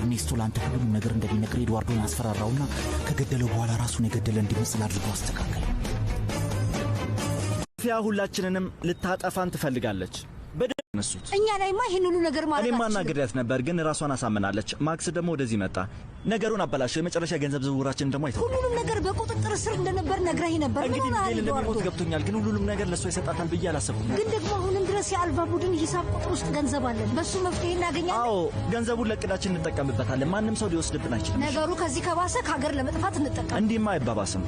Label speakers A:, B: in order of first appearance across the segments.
A: ኤርኔስቶ ለአንተ ሁሉንም ነገር እንደሚነግር ኤድዋርዶን አስፈራራውና ከገደለው በኋላ ራሱን የገደለ እንዲመስል አድርጎ አስተካከለ።
B: ፊያ ሁላችንንም ልታጠፋን ትፈልጋለች። ነሱት
C: እኛ ላይማ ይህን ሁሉ ነገር ማለት
B: እኔ ማናገዳት ነበር፣ ግን ራሷን አሳምናለች። ማክስ ደግሞ ወደዚህ መጣ፣ ነገሩን አበላሸው። የመጨረሻ ገንዘብ ዝውውራችን ደግሞ አይተው
C: ሁሉንም ነገር በቁጥር ስርስር እንደነበር ነግረህ ነበር።
B: እንግዲህ እንደሚሞት ገብቶኛል፣ ግን ሁሉንም ነገር ለእሷ ይሰጣታል ብዬ አላሰብኩም።
C: ግን ደግሞ አሁንም ድረስ የአልባ ቡድን ሂሳብ ቁጥር ውስጥ ገንዘብ አለን። በእሱ መፍትሄ እናገኛለን።
B: አዎ ገንዘቡን ለቅዳችን እንጠቀምበታለን። ማንም ሰው ሊወስድብን አይችልም።
C: ነገሩ ከዚህ ከባሰ ከሀገር ለመጥፋት እንጠቀም።
B: እንዲህማ አይባባስም።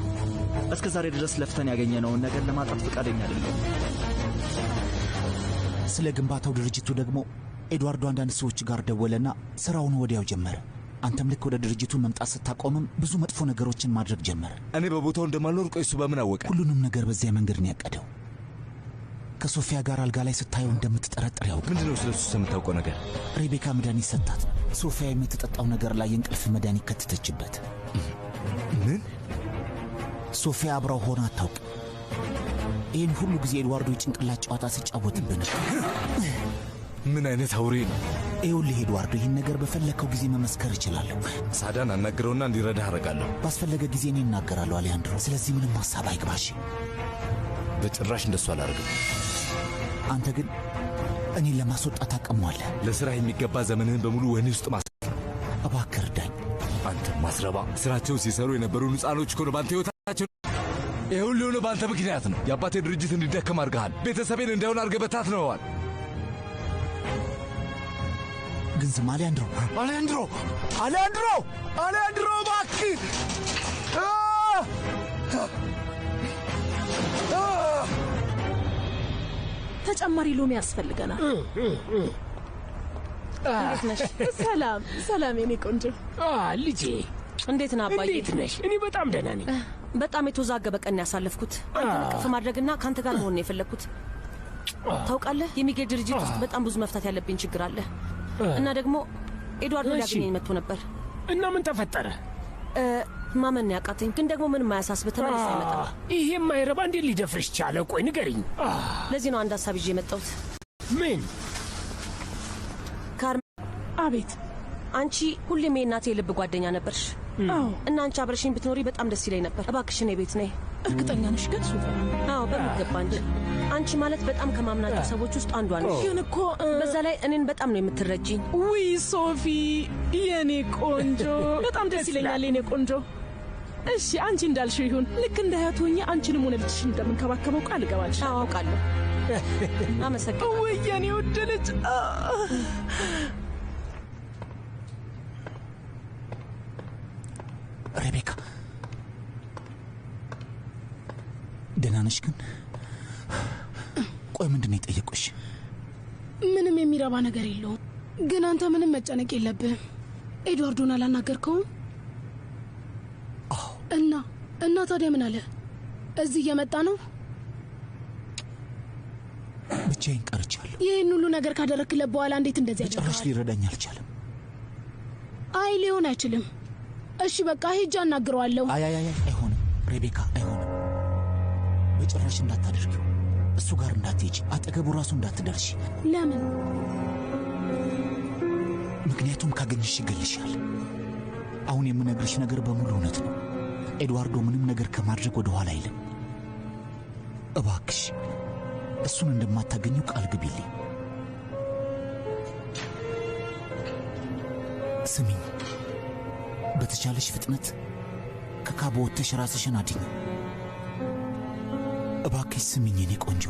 B: እስከ ዛሬ ድረስ ለፍተን ያገኘነውን ነገር ለማጣት ፈቃደኛ አይደለም።
A: ስለ ግንባታው ድርጅቱ ደግሞ ኤድዋርዶ አንዳንድ ሰዎች ጋር ደወለና ስራውን ወዲያው ጀመረ። አንተም ልክ ወደ ድርጅቱ መምጣት ስታቆምም ብዙ መጥፎ ነገሮችን ማድረግ ጀመረ።
B: እኔ በቦታው እንደማልኖር ቆይ፣ በምን አወቀ?
A: ሁሉንም ነገር በዚያ መንገድ ነው ያቀደው። ከሶፊያ ጋር አልጋ ላይ ስታየው እንደምትጠረጥር ያውቅ።
B: ምንድን ነው ስለሱ የምታውቀው ነገር?
A: ሬቤካ መድኃኒት ሰጣት። ሶፊያ የምትጠጣው ነገር ላይ የእንቅልፍ መድኃኒት ከተተችበት። ምን? ሶፊያ አብራው ሆነ አታውቅ። ይህን ሁሉ ጊዜ ኤድዋርዶ የጭንቅላት ጨዋታ ሲጫወትብን።
B: ምን አይነት አውሬ ነው!
A: ይኸውልህ ኤድዋርዶ፣ ይህን ነገር በፈለግከው ጊዜ መመስከር እችላለሁ።
B: ሳዳን አናግረውና እንዲረዳህ አደርጋለሁ።
A: ባስፈለገ ጊዜ እኔ እናገራለሁ አሊያንድሮ። ስለዚህ ምንም ሀሳብ አይግባሽ።
B: በጭራሽ እንደሱ አላደርግም።
A: አንተ ግን እኔን ለማስወጣት አቀሟለ
B: ለሥራ የሚገባ ዘመንህን በሙሉ ወህኒ ውስጥ ማስ
A: እባክህ እርዳኝ።
B: አንተ ማስረባ ስራቸውን ሲሰሩ የነበሩ ሕፃኖች ከሆነ ባንተ በአንተ ህይወታቸው ይህ ሁሉ የሆነ በአንተ ምክንያት ነው። የአባቴ ድርጅት እንዲደከም አድርገሃል። ቤተሰቤን እንዳይሆን አርገህ በታት ነዋል
A: ግን ዝም አሊያንድሮ
B: አሊያንድሮ አሊያንድሮ አሊያንድሮ እባክህ
C: ተጨማሪ ሎሚ ያስፈልገናል። ሰላም ሰላም፣ የኔ ቆንጆ ልጄ፣ እንዴት ና አባዬ?
B: ነሽ? እኔ በጣም ደህና ነኝ።
C: በጣም የተወዛገበ ቀን ያሳለፍኩት ቅፍ ማድረግና ከአንተ ጋር መሆን የፈለግኩት። ታውቃለህ፣ የሚገኝ ድርጅት ውስጥ በጣም ብዙ መፍታት ያለብኝ ችግር አለ። እና ደግሞ ኤድዋርድ ሊያገኘኝ መጥቶ ነበር።
B: እና ምን ተፈጠረ?
C: ማመን ያቃተኝ ግን ደግሞ ምንም አያሳስብ ተመልስ አይመጣም።
B: ይሄ ማይረባ እንዴት ሊደፍርሽ ቻለ? ቆይ ንገሪኝ።
C: ለዚህ ነው አንድ ሀሳብ ይዤ የመጣሁት። ምን? ካርሜ። አቤት። አንቺ ሁሌም የእናቴ የልብ ጓደኛ ነበርሽ እና አንቺ አብረሽኝ ብትኖሪ በጣም ደስ ይለኝ ነበር። እባክሽን የቤት ነይ
B: እርግጠኛ ነሽ ግን ሱፍ?
C: አዎ በሚገባ እንጂ አንቺ ማለት በጣም ከማምናቸው ሰዎች ውስጥ አንዷ ነሽ። ግን እኮ በዛ ላይ እኔን በጣም ነው የምትረጂኝ።
B: ውይ ሶፊ የኔ ቆንጆ፣
C: በጣም ደስ ይለኛል የኔ ቆንጆ። እሺ አንቺ እንዳልሽው ይሁን። ልክ እንደ እህት ሆኜ አንቺንም ሆነ ልጅሽ እንደምንከባከበው ቃል እገባልሽ። አዎ አውቃለሁ። አመሰግናለሁ።
B: ውይ የኔ ውድ ልጅ
A: ሬቤካ ነሽ ግን ቆይ ምንድን ነው የጠየቁሽ?
C: ምንም የሚረባ ነገር የለውም። ግን አንተ ምንም መጨነቅ የለብህም። ኤድዋርዶን አላናገርከውም? እና እና ታዲያ ምን አለ? እዚህ እየመጣ ነው።
A: ብቻዬን ቀርቻለሁ።
C: ይህን ሁሉ ነገር ካደረክለት በኋላ እንዴት እንደዚህ ያደርጋል?
A: ጭራሽ ሊረዳኝ አልቻለም።
C: አይ ሊሆን አይችልም። እሺ በቃ ሄጃ አናግረዋለሁ።
A: አይ አይ አይ፣ አይሆንም ሬቤካ፣ አይሆ በጭራሽ እንዳታደርጊው። እሱ ጋር እንዳትሄጂ፣ አጠገቡ ራሱ እንዳትደርሺ። ለምን? ምክንያቱም ካገኘሽ ይገልሻል። አሁን የምነግርሽ ነገር በሙሉ እውነት ነው። ኤድዋርዶ ምንም ነገር ከማድረግ ወደ ኋላ አይልም። እባክሽ እሱን እንደማታገኘው ቃል ግቢልኝ። ስሚኝ፣ በተቻለሽ ፍጥነት ከካቦ ወጥተሽ ራስሽን አድኝ። እባክሽ ስምኝ የኔ ቆንጆ፣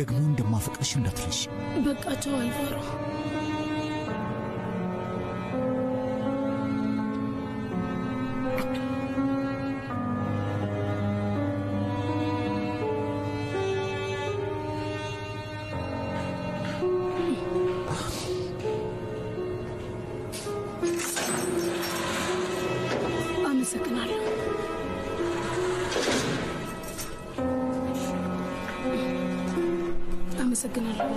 A: ደግሞ እንደማፈቅርሽ እንዳትልሽ
C: በቃቸው አልፈራ አመሰግናለሁ።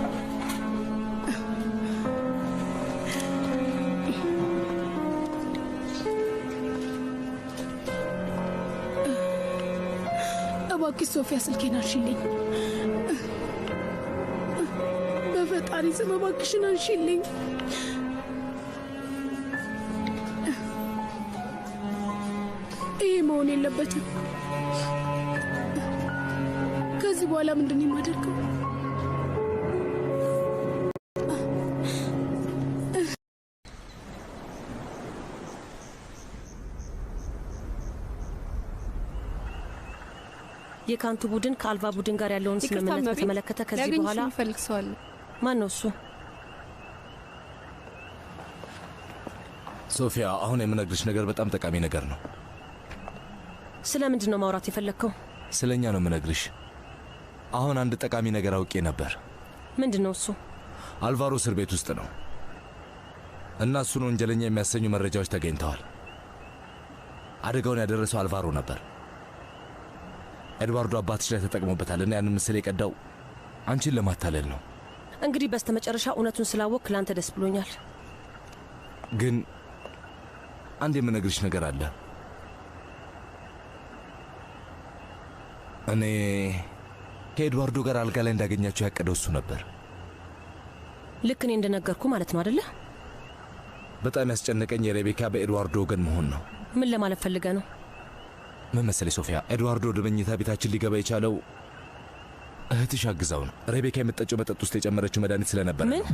C: እባክሽ ሶፊያ ስልኬን አንሺልኝ። በፈጣሪ ስም እባክሽን አንሺልኝ። ይሄ መሆን የለበትም። ከዚህ በኋላ ምንድን ነው የማደርገው? የካንቱ ቡድን ከአልቫ ቡድን ጋር ያለውን ስምምነት በተመለከተ ከዚህ በኋላ ፈልግ ሰዋለ ማን ነው እሱ?
B: ሶፊያ፣ አሁን የምነግርሽ ነገር በጣም ጠቃሚ ነገር ነው።
C: ስለ ምንድን ነው ማውራት የፈለግከው?
B: ስለ እኛ ነው የምነግርሽ። አሁን አንድ ጠቃሚ ነገር አውቄ ነበር። ምንድን ነው እሱ? አልቫሮ እስር ቤት ውስጥ ነው እና እሱን ወንጀለኛ የሚያሰኙ መረጃዎች ተገኝተዋል። አደጋውን ያደረሰው አልቫሮ ነበር። ኤድዋርዶ አባትሽ ላይ ተጠቅሞበታል እና ያንን ምስል የቀዳው አንቺን ለማታለል ነው።
C: እንግዲህ በስተመጨረሻ እውነቱን ስላወቅ ለአንተ ደስ ብሎኛል።
B: ግን አንድ የምነግርሽ ነገር አለ። እኔ ከኤድዋርዶ ጋር አልጋ ላይ እንዳገኛቸው ያቀደው እሱ ነበር።
C: ልክ እኔ እንደነገርኩ ማለት ነው አደለ?
B: በጣም ያስጨነቀኝ የሬቤካ በኤድዋርዶ ወገን መሆን ነው።
C: ምን ለማለት ፈልገ ነው?
B: ምን መሰለሽ ሶፊያ፣ ኤድዋርዶ ወደ መኝታ ቤታችን ሊገባ የቻለው እህትሽ አግዛው ነው። ሬቤካ የምትጠጨው መጠጥ ውስጥ የጨመረችው መድኃኒት ስለነበረ
C: ምን?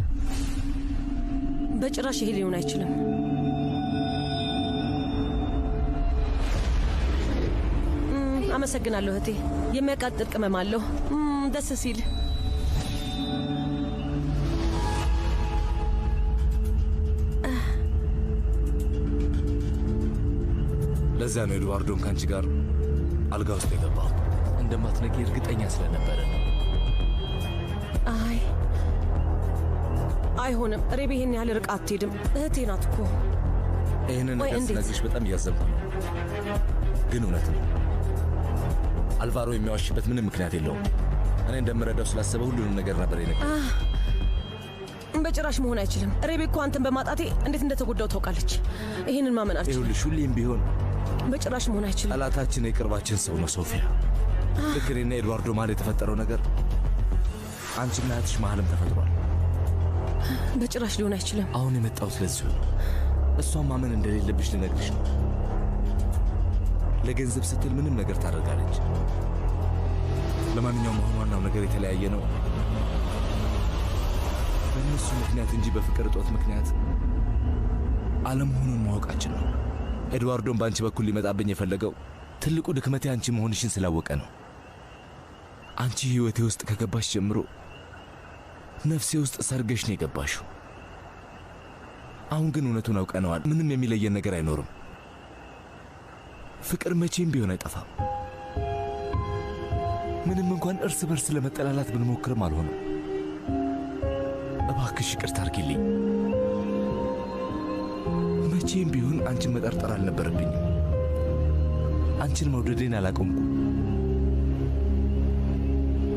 C: በጭራሽ ይሄ ሊሆን አይችልም። አመሰግናለሁ እህቴ። የሚያቃጥል ቅመም አለው ደስ ሲል
B: ለዛ ነው ኤድዋርዶን ከአንቺ ጋር አልጋ ውስጥ የገባው። እንደማትነቂ እርግጠኛ ስለነበረ ነው።
C: አይ አይሆንም፣ ሬቤ ይህን ያህል ርቃ አትሄድም። እህቴ ናት እኮ።
B: ይህንን ነገር ስነግርሽ በጣም እያዘንኩ ነው፣ ግን እውነት ነው። አልቫሮ የሚያዋሽበት ምንም ምክንያት የለውም። እኔ እንደምረዳው ስላሰበ ሁሉንም ነገር ነበር
C: የነገረኝ። ግን በጭራሽ መሆን አይችልም። ሬቤኮ አንተን በማጣቴ እንዴት እንደተጎዳው ታውቃለች። ይህንን ማመን አልችልም።
B: ይኸውልሽ ሁሌም ቢሆን
C: በጭራሽ መሆን አይችልም።
B: ጠላታችን የቅርባችን ሰው ነው ሶፊያ። ልክ እኔና ኤድዋርዶ መሀል የተፈጠረው ነገር አንቺና እህትሽ መሀልም ተፈጥሯል።
C: በጭራሽ ሊሆን አይችልም።
B: አሁን የመጣው ለዚሁ ነው። እሷን ማመን እንደሌለብሽ ልነግርሽ ነው። ለገንዘብ ስትል ምንም ነገር ታደርጋለች። ለማንኛውም አሁን ዋናው ነገር የተለያየ ነው። በእነሱ ምክንያት እንጂ በፍቅር እጦት ምክንያት አለመሆኑን ማወቃችን ነው። ኤድዋርዶን በአንቺ በኩል ሊመጣብኝ የፈለገው ትልቁ ድክመቴ አንቺ መሆንሽን ስላወቀ ነው። አንቺ ሕይወቴ ውስጥ ከገባሽ ጀምሮ ነፍሴ ውስጥ ሰርገሽ ነው የገባሽው። አሁን ግን እውነቱን አውቀነዋል። ምንም የሚለየን ነገር አይኖርም። ፍቅር መቼም ቢሆን አይጠፋም። ምንም እንኳን እርስ በርስ ለመጠላላት ብንሞክርም አልሆነም። እባክሽ ይቅርታ አርጊልኝ። መቼም ቢሆን አንቺን መጠርጠር አልነበረብኝም። አንቺን መውደዴን አላቆምኩ።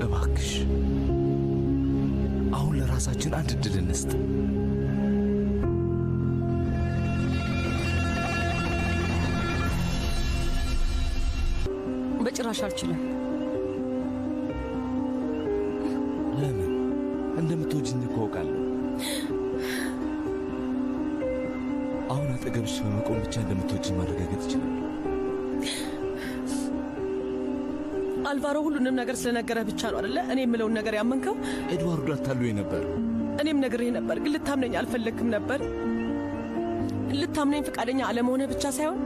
B: እባክሽ አሁን ለራሳችን አንድ እድል እንስጥ።
C: በጭራሽ አልችልም። አልቫሮ ሁሉንም ነገር ስለነገረ ብቻ ነው አደለ? እኔ የምለውን ነገር ያመንከው?
B: ኤድዋርዶ አታሉ ነበር።
C: እኔም ነግሬህ ነበር፣ ግን ልታምነኝ አልፈለግክም ነበር። ልታምነኝ ፈቃደኛ አለመሆነ ብቻ ሳይሆን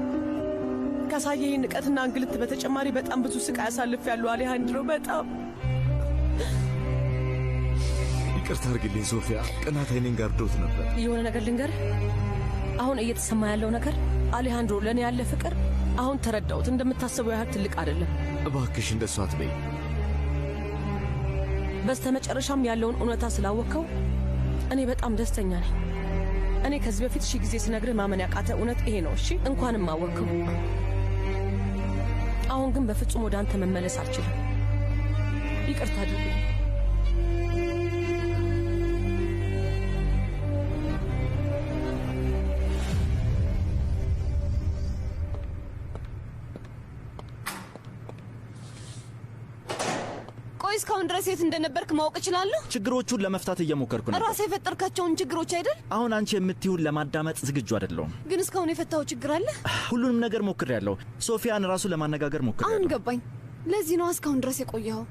C: ካሳየህ ንቀትና እንግልት በተጨማሪ በጣም ብዙ ስቃይ አሳልፍ ያሉ አሌሃንድሮ፣ በጣም
B: ይቅርታ አርግልኝ ሶፊያ። ቅናት አይኔን ጋርዶት ነበር።
C: የሆነ ነገር ልንገር፣ አሁን እየተሰማ ያለው ነገር አሌሃንድሮ ለእኔ ያለ ፍቅር አሁን ተረዳሁት። እንደምታስበው ያህል ትልቅ አይደለም።
B: እባክሽ እንደሷ አትበይ።
C: በስተ መጨረሻም ያለውን እውነታ ስላወቅከው እኔ በጣም ደስተኛ ነኝ። እኔ ከዚህ በፊት ሺህ ጊዜ ስነግርህ ማመን ያቃተ እውነት ይሄ ነው። እሺ እንኳንም አወቅከው። አሁን ግን በፍጹም ወደ አንተ መመለስ አልችልም። ይቅርታ አድርጉ። እስካሁን ድረስ የት እንደነበርክ ማወቅ እችላለሁ?
B: ችግሮቹን ለመፍታት እየሞከርኩ ነው።
C: ራሴ የፈጠርካቸውን ችግሮች አይደል?
B: አሁን አንቺ የምትይውን ለማዳመጥ ዝግጁ አይደለሁም።
C: ግን እስካሁን የፈታው ችግር አለ?
B: ሁሉንም ነገር ሞክሬያለሁ። ሶፊያን ራሱ ለማነጋገር ሞክሬያለሁ።
C: አሁን ገባኝ። ለዚህ ነው እስካሁን ድረስ የቆየኸው።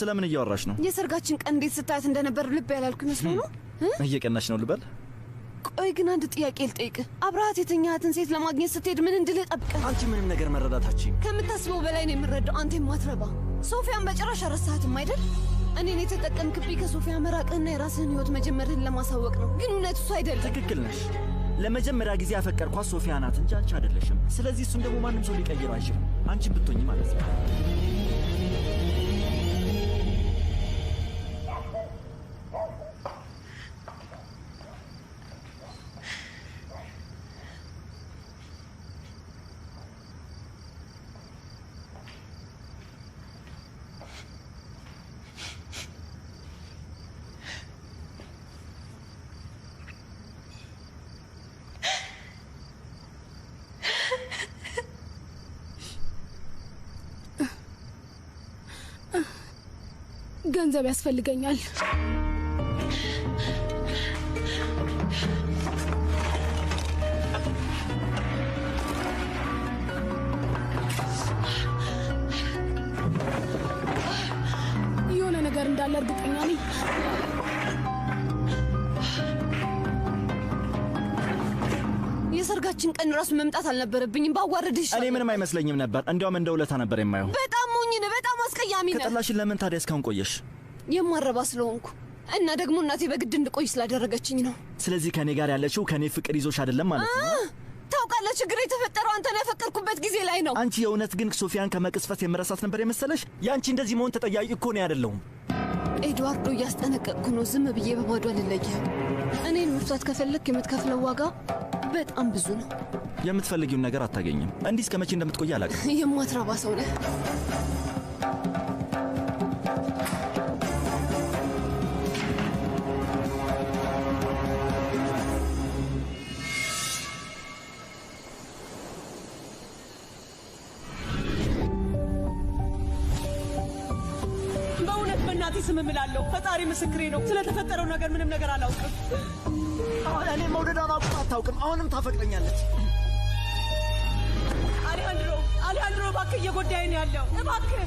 B: ስለምን እያወራሽ ነው?
C: የሰርጋችን ቀን እንዴት ስታያት እንደነበር ልብ ያላልኩ ይመስሉ ነው።
B: እየቀናሽ ነው ልበል?
C: ቆይ ግን አንድ ጥያቄ ልጠይቅ። አብረሃት የተኛሃትን ሴት ለማግኘት ስትሄድ ምን እንድልህ ጠብቀህ?
B: አንቺ ምንም ነገር መረዳታችን
C: ከምታስበው በላይ ነው የምረዳው። አንተ የማትረባ ሶፊያን በጭራሽ አረሳትም አይደል? እኔን የተጠቀምክብኝ ከሶፊያ መራቅህና የራስህን ህይወት መጀመርህን ለማሳወቅ ነው። ግን እውነት እሱ አይደለም።
B: ትክክል ነሽ። ለመጀመሪያ ጊዜ ያፈቀርኳት ሶፊያ ናት እንጂ አንቺ አይደለሽም። ስለዚህ እሱን ደግሞ ማንም ሰው ሊቀይረው አይችልም። አንቺ ብትሆኝ ማለት ነው።
C: ገንዘብ ያስፈልገኛል። የሆነ ነገር እንዳለ እርግጠኛ ነኝ። የሰርጋችን ቀን ራሱ መምጣት አልነበረብኝም። ባዋረድሽ።
B: እኔ ምንም አይመስለኝም ነበር። እንዲያውም እንደ ውለታ ነበር የማየው
C: በጣም አስቀያሚ ነህ።
B: ከጠላሽን ለምን ታዲያ እስካሁን ቆየሽ?
C: የማረባ ስለሆንኩ እና ደግሞ እናቴ በግድ እንድቆይ ስላደረገችኝ ነው።
B: ስለዚህ ከኔ ጋር ያለችው ከኔ ፍቅር ይዞሽ አይደለም ማለት
C: ነው። ታውቃለህ፣ ችግር የተፈጠረው አንተን ያፈቀርኩበት ጊዜ ላይ ነው።
B: አንቺ የእውነት ግን ሶፊያን ከመቅስፈት የምረሳት ነበር የመሰለሽ? የአንቺ እንደዚህ መሆን ተጠያቂ እኮ ነው አይደለሁም።
C: ኤድዋርዶ፣ እያስጠነቀቅኩ ነው። ዝም ብዬ በባዶ አልለየህም። እኔን መፍታት ከፈለክ የምትከፍለው ዋጋ በጣም ብዙ ነው።
B: የምትፈልጊውን ነገር አታገኝም። እንዲህ እስከ መቼ እንደምትቆይ አላውቅም።
C: የማትረባ ሰው ነህ። እናቴ ስም እምላለሁ። ፈጣሪ ምስክሬ ነው። ስለተፈጠረው ነገር ምንም ነገር አላውቅም። እኔ መውደድ አላውቅም፣ አታውቅም። አሁንም ታፈቅረኛለች። አሌሃንድሮ፣ አሌሃንድሮ እባክህ እየጎዳይ ያለው እባክህ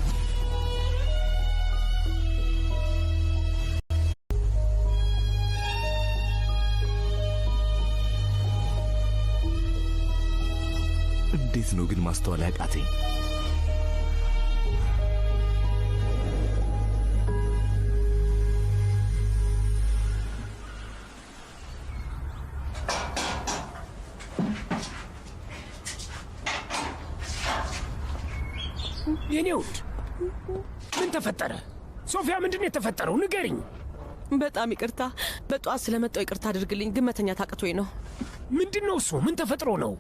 B: እንዴት ነው ግን ማስተዋል ያቃተኝ? የኔ ውድ ምን ተፈጠረ? ሶፊያ፣ ምንድን ነው የተፈጠረው? ንገርኝ።
C: በጣም ይቅርታ፣ በጠዋት ስለመጣው ይቅርታ አድርግልኝ። ግመተኛ ታቅቶኝ ነው።
B: ምንድን ነው እሱ? ምን ተፈጥሮ ነው?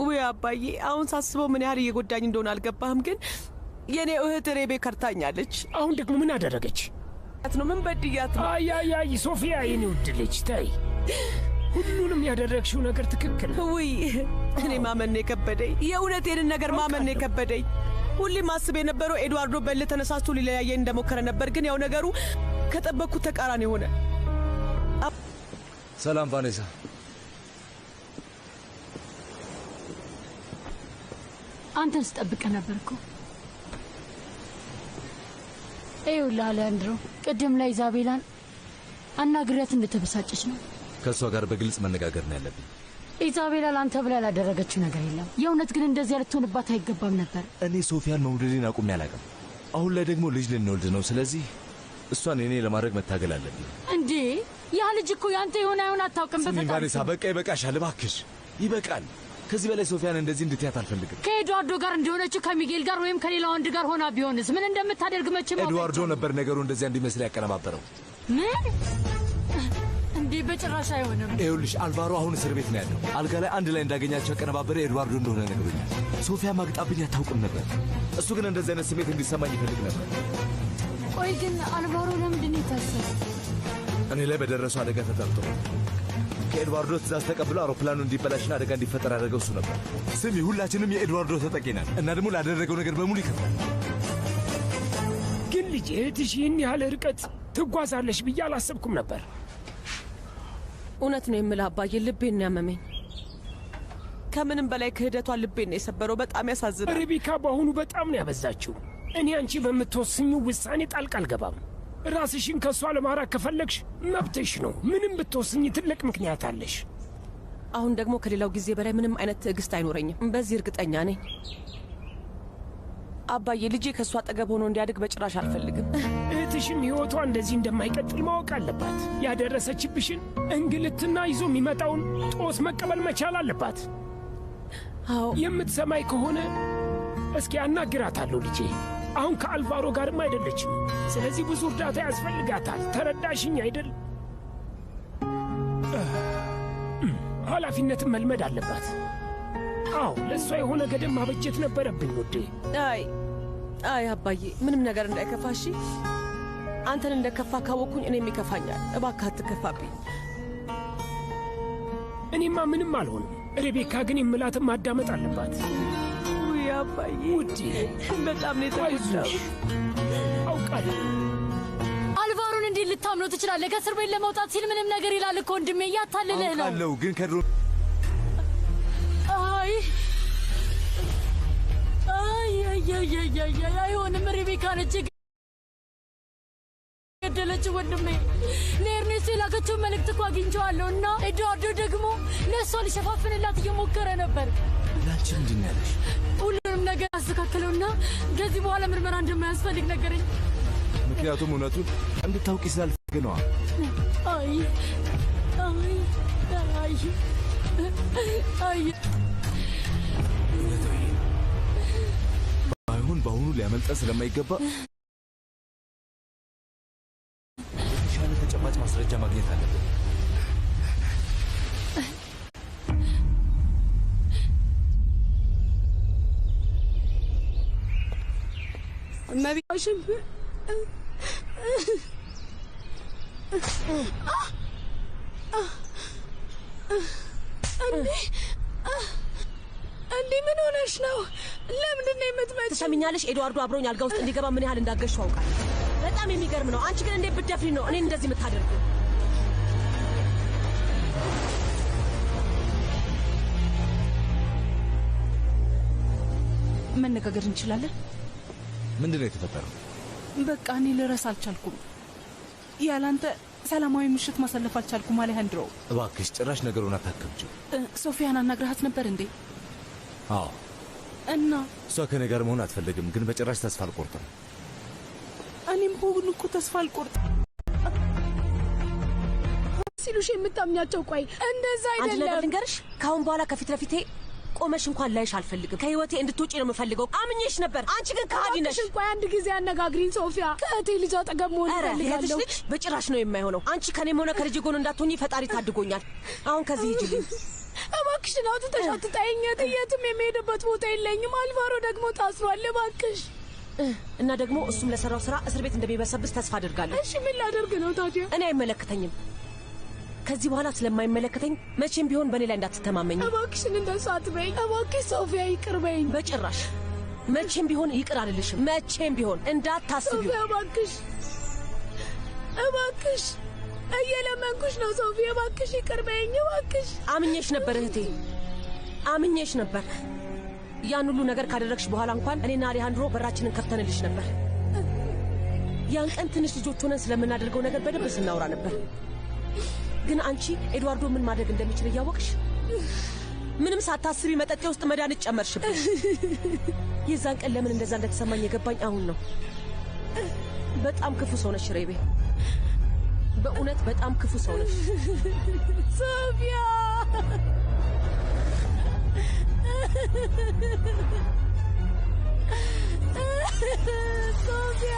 C: ውይ አባዬ፣ አሁን ሳስበው ምን ያህል እየጎዳኝ እንደሆነ አልገባህም። ግን የእኔ እህት ሬቤ ከርታኛለች።
B: አሁን ደግሞ ምን አደረገች
C: ነው? ምን በድያት ነው?
B: አያያይ ሶፊያ፣ የኔ ውድ ልጅ ተይ። ሁሉንም ያደረግሽው ነገር ትክክል
C: ነው። ውይ እኔ ማመን የከበደኝ የእውነቴንን ነገር ማመን የከበደኝ ሁሌም ማስብ የነበረው ኤድዋርዶ በል ተነሳስቶ ሊለያየን እንደሞከረ ነበር። ግን ያው ነገሩ ከጠበቅኩት ተቃራኒ ሆነ። ሰላም ቫኔሳ አንተን ስጠብቀ ነበርኩ። ይኸውልህ አሊያንድሮ፣ ቅድም ላይ ኢዛቤላን አናግሪያት እንደተበሳጨች ነው።
B: ከእሷ ጋር በግልጽ መነጋገር ነው ያለብኝ።
C: ኢዛቤላ ለአንተ ብላ ያላደረገችው ነገር የለም። የእውነት ግን እንደዚያ ልትሆንባት አይገባም ነበር።
B: እኔ ሶፊያን መውደዴን አቁሜ አላውቅም። አሁን ላይ ደግሞ ልጅ ልንወልድ ነው። ስለዚህ እሷን እኔ ለማድረግ መታገል አለብኝ።
C: እንዴ ያ ልጅ እኮ ያንተ የሆነ አይሆን አታውቅም።
B: በቃ ይበቃሻል፣ እባክሽ ይበቃል። ከዚህ በላይ ሶፊያን እንደዚህ እንድትያት አልፈልግም።
C: ከኤድዋርዶ ጋር እንደሆነች ከሚጌል ጋር ወይም ከሌላ ወንድ ጋር ሆና ቢሆንስ ምን እንደምታደርግ መቼም
B: ኤድዋርዶ ነበር ነገሩ እንደዚያ እንዲመስል ያቀነባበረው።
C: ምን እንዲህ በጭራሽ አይሆንም።
B: ይኸውልሽ አልቫሮ አሁን እስር ቤት ነው ያለው። አልጋ ላይ አንድ ላይ እንዳገኛቸው ያቀነባበረ ኤድዋርዶ እንደሆነ ነግሮኛል። ሶፊያ ማግጣብኝ አታውቅም ነበር። እሱ ግን እንደዚህ አይነት ስሜት እንዲሰማኝ ይፈልግ ነበር።
C: ቆይ ግን አልቫሮ ለምንድን ነው የታሰረው?
B: እኔ ላይ በደረሰው አደጋ ተጠርቶ ከኤድዋርዶ ትእዛዝ ተቀብሎ አውሮፕላኑ እንዲበላሽና አደጋ እንዲፈጠር ያደረገው እሱ ነበር። ስሚ፣ ሁላችንም የኤድዋርዶ ተጠቂ ነን እና ደግሞ ላደረገው ነገር በሙሉ ይከፍላል። ግን ልጅ እህትሽ ይህን ያህል ርቀት ትጓዛለሽ ብዬ አላሰብኩም ነበር።
C: እውነት ነው የምልህ አባዬ፣ ልቤን ነው ያመመኝ። ከምንም በላይ ክህደቷ ልቤን ነው የሰበረው። በጣም ያሳዝናል።
B: ሪቢካ በአሁኑ በጣም ነው ያበዛችው። እኔ አንቺ በምትወስኙ ውሳኔ ጣልቃ አልገባም። ራስሽን ከእሷ ለማራቅ ከፈለግሽ መብትሽ ነው። ምንም ብትወስኝ ትልቅ ምክንያት አለሽ።
C: አሁን ደግሞ ከሌላው ጊዜ በላይ ምንም አይነት ትዕግስት አይኖረኝም። በዚህ እርግጠኛ ነኝ። አባዬ ልጄ ከሷ አጠገብ ሆኖ እንዲያድግ በጭራሽ አልፈልግም።
B: እህትሽም ሕይወቷ እንደዚህ እንደማይቀጥል ማወቅ አለባት። ያደረሰችብሽን እንግልትና ይዞ የሚመጣውን ጦስ መቀበል መቻል አለባት። አዎ የምትሰማይ ከሆነ እስኪ አናግራታለሁ ልጄ። አሁን ከአልቫሮ ጋርም አይደለችም። ስለዚህ ብዙ እርዳታ ያስፈልጋታል። ተረዳሽኝ አይደል? ኃላፊነትን መልመድ አለባት። አዎ ለእሷ የሆነ ገደብ ማበጀት ነበረብኝ ውዴ።
C: አይ አይ፣ አባዬ ምንም ነገር እንዳይከፋሽ። አንተን እንደከፋ ካወቅኩኝ እኔም ይከፋኛል። እባክህ አትከፋብኝ።
B: እኔማ ምንም አልሆንም። ሬቤካ ግን የምላትን ማዳመጥ አለባት። አባዬ ውዴ፣
C: በጣም ነው የተጎዳው አውቃለሁ። አልቫሮን እንዴት ልታምነው ትችላለህ? ከእስር ቤት ለመውጣት ሲል ምንም ነገር ይላል እኮ ወንድሜ፣ እያታለለህ
B: ነው። አውቃለሁ ግን ከድሮ
C: አይ አይሆንም። ሪቤካን እጅግ ገደለችው ወንድሜ። ለኤርኔስቶ የላከችው መልእክት እኮ አግኝቼዋለሁ እና ኤድዋርዶ ደግሞ ለእሷ ሊሸፋፍንላት እየሞከረ ነበር።
B: ላንቺ ምንድን ነው ያለሽ?
C: ሁሉንም ነገር አስተካከለውና ከዚህ በኋላ ምርመራ እንደማያስፈልግ ነገረኝ።
B: ምክንያቱም እውነቱን እንድታውቂ ስላልፈለገ።
C: አይ አይ አይ
B: ባይሆን በአሁኑ ሊያመልጠን ስለማይገባ የተጨማጭ ማስረጃ ማግኘት አለብን።
C: እመቤታችን እንዲህ ምን ሆነሽ ነው? ለምንድን ነው የምትመጪው? ትሰሚኛለሽ? ኤድዋርዶ አብሮኝ አልጋ ውስጥ እንዲገባ ምን ያህል እንዳገሹ አውቃል። በጣም የሚገርም ነው። አንቺ ግን እንዴት ብትደፍሪ ነው እኔን እንደዚህ የምታደርጉ? መነጋገር እንችላለን።
B: ምንድነው ነው የተፈጠረው?
C: በቃ እኔ ልረስ አልቻልኩም። ያላንተ ሰላማዊ ምሽት ማሳለፍ አልቻልኩም። አሌሃንድሮ
B: እባክሽ፣ ጭራሽ ነገሩን አታከብጂው።
C: ሶፊያን አናግረሃት ነበር እንዴ? አዎ። እና
B: እሷ ከኔ ጋር መሆን አትፈልግም፣ ግን በጭራሽ ተስፋ አልቆርጥም።
C: እኔም በሁሉ እኮ ተስፋ አልቆርጥም ሲሉሽ የምታምኛቸው ቆይ፣ እንደዛ አይደለም። አንድ ነገር ልንገርሽ፣ ከአሁን በኋላ ከፊት ለፊቴ ቆመሽ እንኳን ላይሽ አልፈልግም። ከህይወቴ እንድትውጪ ነው የምፈልገው። አምኜሽ ነበር። አንቺ ግን ከሃዲ ነሽ። ቆይ አንድ ጊዜ አነጋግሪኝ ሶፊያ። ከእቴ ልጅ አጠገብ መሆን እፈልጋለሁ። ልጅ በጭራሽ ነው የማይሆነው። አንቺ ከኔም ሆነ ከልጅ ጎን እንዳትሆኚ ፈጣሪ ታድጎኛል። አሁን ከዚህ ሂጂልኝ። እባክሽን አውጥተሽ አትጣይኝ። የትም የሚሄድበት ቦታ የለኝም። አልቫሮ ደግሞ ታስሯል። እባክሽ እና ደግሞ እሱም ለሰራው ስራ እስር ቤት እንደሚበሰብስ ተስፋ አድርጋለሁ። እሺ ምን ላደርግ ነው ታዲያ? እኔ አይመለከተኝም። ከዚህ በኋላ ስለማይመለከተኝ መቼም ቢሆን በእኔ ላይ እንዳትተማመኝ። እባክሽን እንደሱ አትበይኝ። እባክሽ ሶፊያ ይቅር በይኝ። በጭራሽ መቼም ቢሆን ይቅር አልልሽም። መቼም ቢሆን እንዳታስቢ። ሶፊያ እባክሽ፣ እባክሽ እየለመንኩሽ ነው ሶፊያ፣ እባክሽ ይቅር በይኝ። እባክሽ አምኜሽ ነበር እህቴ፣ አምኜሽ ነበር። ያን ሁሉ ነገር ካደረግሽ በኋላ እንኳን እኔና አሌሃንድሮ በራችንን ከፍተንልሽ ነበር። ያን ቀን ትንሽ ልጆች ሆነን ስለምናደርገው ነገር በደንብ ስናወራ ነበር። ግን አንቺ ኤድዋርዶ ምን ማድረግ እንደሚችል እያወቅሽ ምንም ሳታስቢ መጠጤ ውስጥ መድኃኒት ጨመርሽብኝ። የዛን ቀን ለምን እንደዛ እንደተሰማኝ የገባኝ አሁን ነው። በጣም ክፉ ሰው ነሽ ሬቤ፣ በእውነት በጣም ክፉ ሰው ነሽ ሶፊያ። ሶፊያ